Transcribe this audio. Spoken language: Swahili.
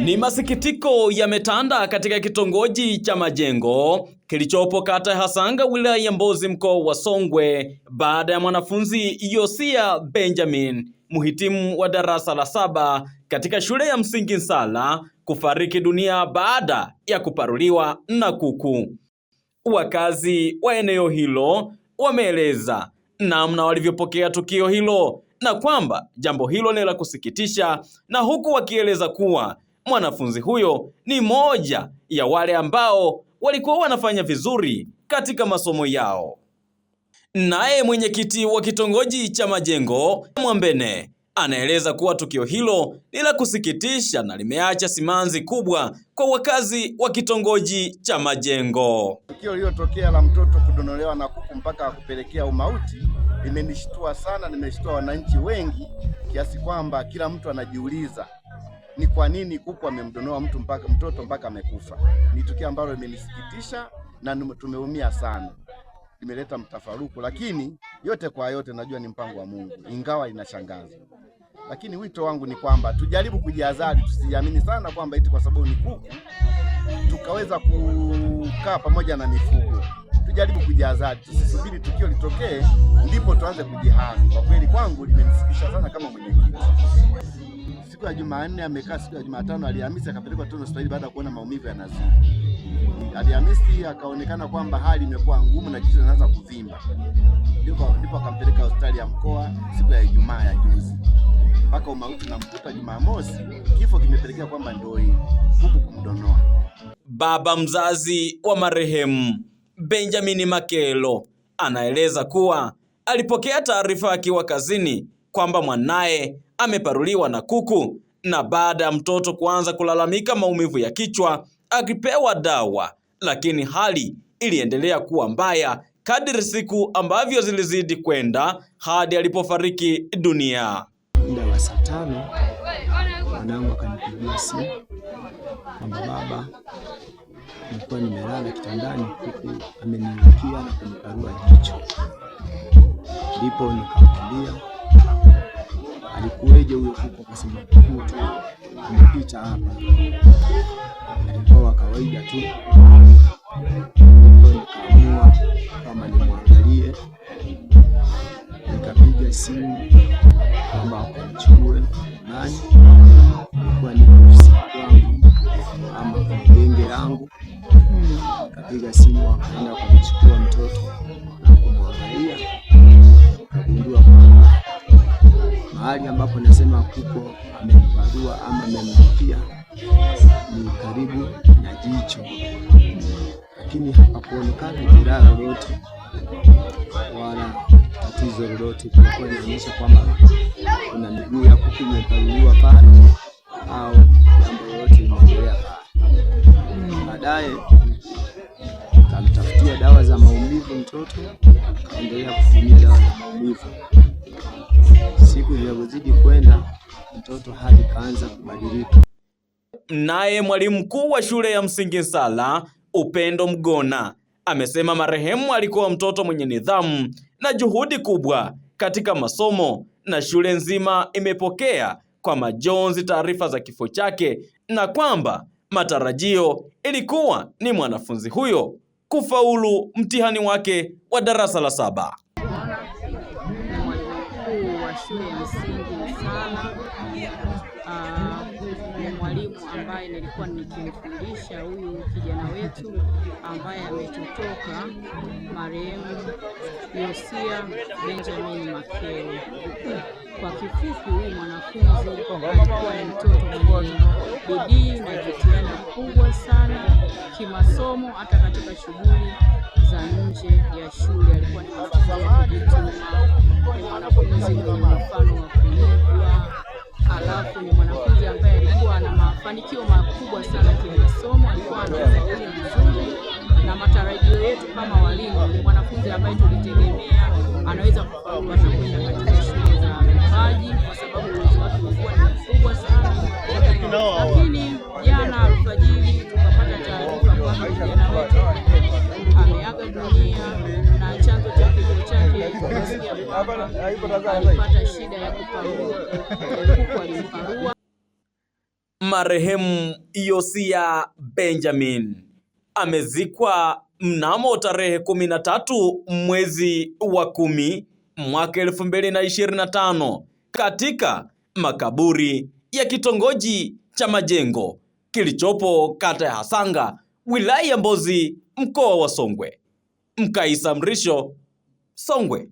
Ni masikitiko yametanda katika kitongoji cha Majengo kilichopo kata ya Hasanga wilaya ya Mbozi mkoa wa Songwe baada ya mwanafunzi Yosia Benjamin mhitimu wa darasa la saba katika shule ya msingi Nsala kufariki dunia baada ya kuparuliwa na kuku. Wakazi wa eneo hilo wameeleza namna walivyopokea tukio hilo na kwamba jambo hilo ni la kusikitisha, na huku wakieleza kuwa Mwanafunzi huyo ni moja ya wale ambao walikuwa wanafanya vizuri katika masomo yao. Naye mwenyekiti wa kitongoji cha Majengo Mwambene anaeleza kuwa tukio hilo ni la kusikitisha na limeacha simanzi kubwa kwa wakazi wa kitongoji cha Majengo. Tukio lililotokea la mtoto kudonolewa na kuku mpaka kupelekea umauti limenishtua sana, nimeshtua wananchi wengi kiasi kwamba kila mtu anajiuliza ni kwa nini kuku amemdonoa mtu mpaka mtoto mpaka amekufa. Ni tukio ambalo limenisikitisha na tumeumia sana, imeleta mtafaruku, lakini yote kwa yote najua ni mpango wa Mungu, ingawa inashangaza. Lakini wito wangu ni kwamba tujaribu kujiazali, tusijiamini sana kwamba eti kwa sababu ni kuku tukaweza kukaa pamoja na mifugo. Tujaribu kujiazali, tusisubiri tukio litokee ndipo tuanze kujihami. Kwa kweli kwangu limenisikitisha sana kama mwenyekiti siku ya Jumanne amekaa, siku ya Jumatano, Alhamisi akapelekwa Tono hospitali baada ya kuona maumivu yanazidi. Alhamisi akaonekana kwamba hali imekuwa ngumu na jicho linaanza kuvimba, ndipo akampeleka hospitali ya mkoa siku ya Ijumaa ya juzi mpaka umauti na mkuta Jumamosi. Kifo kimepelekea kwamba ndio huku kumdonoa. Baba mzazi wa marehemu Benjamin Makelo anaeleza kuwa alipokea taarifa akiwa kazini kwamba mwanaye ameparuliwa na kuku, na baada ya mtoto kuanza kulalamika maumivu ya kichwa akipewa dawa, lakini hali iliendelea kuwa mbaya kadiri siku ambavyo zilizidi kwenda hadi alipofariki dunia. Muda wa saa tano mwanangu akanipigia simu kwamba baba, nilikuwa nimelala kitandani, huku amenirukia na kuniparua jicho, ndipo nikakimbia alikuweje huyo kuku? Akasema tu amepita hapa, alikuwa wa kawaida tu. Nikaamua kama nimwangalie, nikapiga simu kwamba akamchukue nani, alikuwa ni ofisi yangu ama genge langu, nikapiga simu akaenda kumchukua mtoto mahali ambapo nasema kuko amenibarua ama amenifikia ni karibu na jicho, lakini hapakuonekana jeraha lolote wala tatizo lolote. Kulikuwa inaonyesha kwamba kuna miguu ya kuku imepaliliwa pale au jambo lolote inaendelea pale. Baadaye kamtafutia dawa za maumivu mtoto, kaendelea kutumia dawa za maumivu. Siku zilivyozidi kwenda, mtoto hali kaanza kubadilika. Naye mwalimu mkuu wa shule ya msingi Nsala, Upendo Mgona, amesema marehemu alikuwa mtoto mwenye nidhamu na juhudi kubwa katika masomo na shule nzima imepokea kwa majonzi taarifa za kifo chake na kwamba matarajio ilikuwa ni mwanafunzi huyo kufaulu mtihani wake wa darasa la saba shule ya msingi sana. Uh, ah, mwalimu ambaye nilikuwa nikimfundisha huyu kijana wetu ambaye ametotoka marehemu Yosia Benjamin Makere. Kwa kifupi, huyu mwanafunzi alikuwa ni mtoto mwenye bidii na jitihada kubwa sana kimasomo, hata katika shughuli za nje ya shule alikuwa ni alafu ni mwanafunzi ambaye alikuwa na mafanikio makubwa sana kimasomo, alikuwa anaweza kufanya vizuri, na matarajio yetu kama walimu, mwanafunzi ambaye tulitegemea anaweza kufaulu hata kwenda katika shule za vipaji, kwa sababu uwezo wake ulikuwa ni mkubwa sana. Marehemu Yosia Benjamin amezikwa mnamo tarehe kumi na tatu mwezi wa kumi mwaka elfu mbili na ishirini na tano katika makaburi ya kitongoji cha Majengo kilichopo kata ya Hasanga wilaya ya Mbozi mkoa wa Songwe. Mkaisa Mrisho, Songwe.